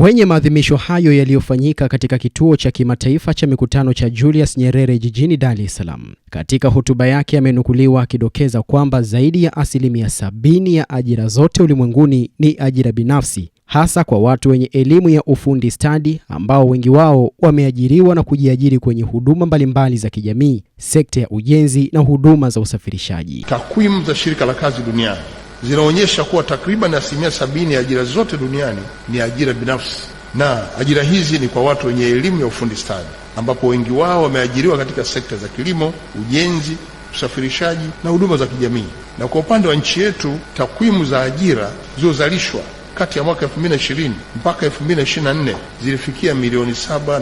Kwenye maadhimisho hayo yaliyofanyika katika kituo cha kimataifa cha mikutano cha Julius Nyerere jijini Dar es Salaam, katika hotuba yake amenukuliwa akidokeza kwamba zaidi ya asilimia sabini ya ajira zote ulimwenguni ni ajira binafsi, hasa kwa watu wenye elimu ya ufundi stadi ambao wengi wao wameajiriwa na kujiajiri kwenye huduma mbalimbali za kijamii, sekta ya ujenzi na huduma za usafirishaji. Takwimu za shirika la kazi duniani zinaonyesha kuwa takriban asilimia sabini ya ajira zote duniani ni ajira binafsi, na ajira hizi ni kwa watu wenye elimu ya ufundi stadi, ambapo wengi wao wameajiriwa katika sekta za kilimo, ujenzi, usafirishaji na huduma za kijamii. Na kwa upande wa nchi yetu, takwimu za ajira zilizozalishwa kati ya mwaka 2020 mpaka 2024 zilifikia milioni 7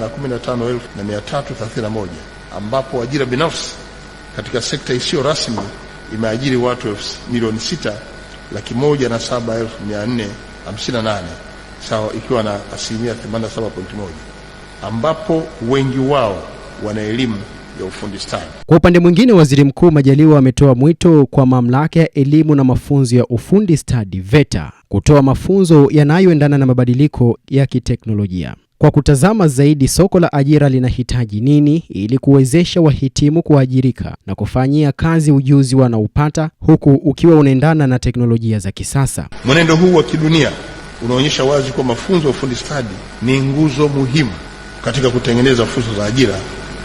na ambapo ajira binafsi katika sekta isiyo rasmi imeajiri watu milioni 6 laki moja na saba elfu mia nne hamsini na nane sawa, ikiwa na asilimia 87.1, ambapo wengi wao wana elimu ya ufundi stadi. Kwa upande mwingine, Waziri Mkuu Majaliwa ametoa mwito kwa mamlaka ya elimu na mafunzo ya ufundi stadi VETA kutoa mafunzo yanayoendana na mabadiliko ya kiteknolojia. Kwa kutazama zaidi soko la ajira linahitaji nini ili kuwezesha wahitimu kuajirika na kufanyia kazi ujuzi wanaopata huku ukiwa unaendana na teknolojia za kisasa. Mwenendo huu wa kidunia unaonyesha wazi kuwa mafunzo ya ufundi stadi ni nguzo muhimu katika kutengeneza fursa za ajira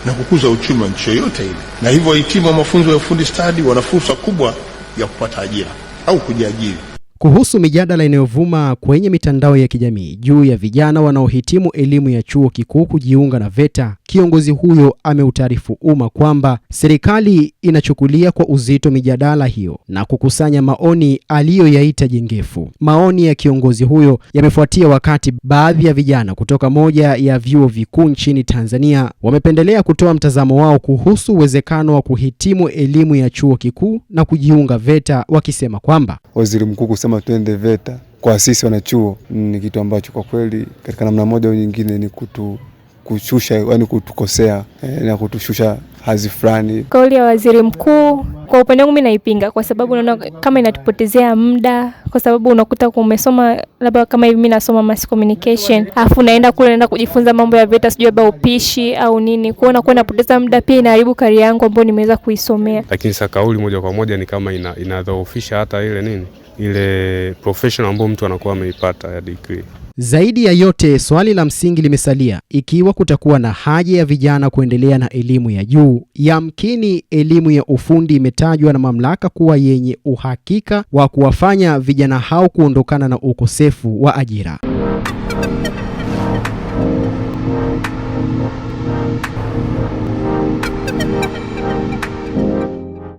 na kukuza uchumi wa nchi yoyote ile, na hivyo wahitimu wa mafunzo ya ufundi stadi wana fursa kubwa ya kupata ajira au kujiajiri. Kuhusu mijadala inayovuma kwenye mitandao ya kijamii juu ya vijana wanaohitimu elimu ya chuo kikuu kujiunga na VETA kiongozi huyo ameutaarifu umma kwamba serikali inachukulia kwa uzito mijadala hiyo na kukusanya maoni aliyoyaita jengefu. Maoni ya kiongozi huyo yamefuatia wakati baadhi ya vijana kutoka moja ya vyuo vikuu nchini Tanzania wamependelea kutoa mtazamo wao kuhusu uwezekano wa kuhitimu elimu ya chuo kikuu na kujiunga VETA, wakisema kwamba waziri mkuu kusema tuende VETA kwa sisi wanachuo ni kitu ambacho kwa kweli katika namna moja au nyingine ni kutu kushusha yani kutukosea eh, na kutushusha hazi fulani. Kauli ya waziri mkuu kwa upande wangu mimi naipinga, kwa sababu naona kama inatupotezea muda, kwa sababu unakuta umesoma labda kama hivi, mimi nasoma mass communication, afu naenda kule naenda kujifunza mambo ya VETA, sijui labda upishi au nini, kuona kuwa napoteza muda, pia inaharibu kari yangu ambayo nimeweza kuisomea. Lakini sasa kauli moja kwa moja ni kama inadhoofisha hata ile nini ile professional ambayo mtu anakuwa ameipata ya degree. Zaidi ya yote, swali la msingi limesalia, ikiwa kutakuwa na haja ya vijana kuendelea na elimu ya juu. Yamkini elimu ya ufundi imetajwa na mamlaka kuwa yenye uhakika wa kuwafanya vijana hao kuondokana na ukosefu wa ajira.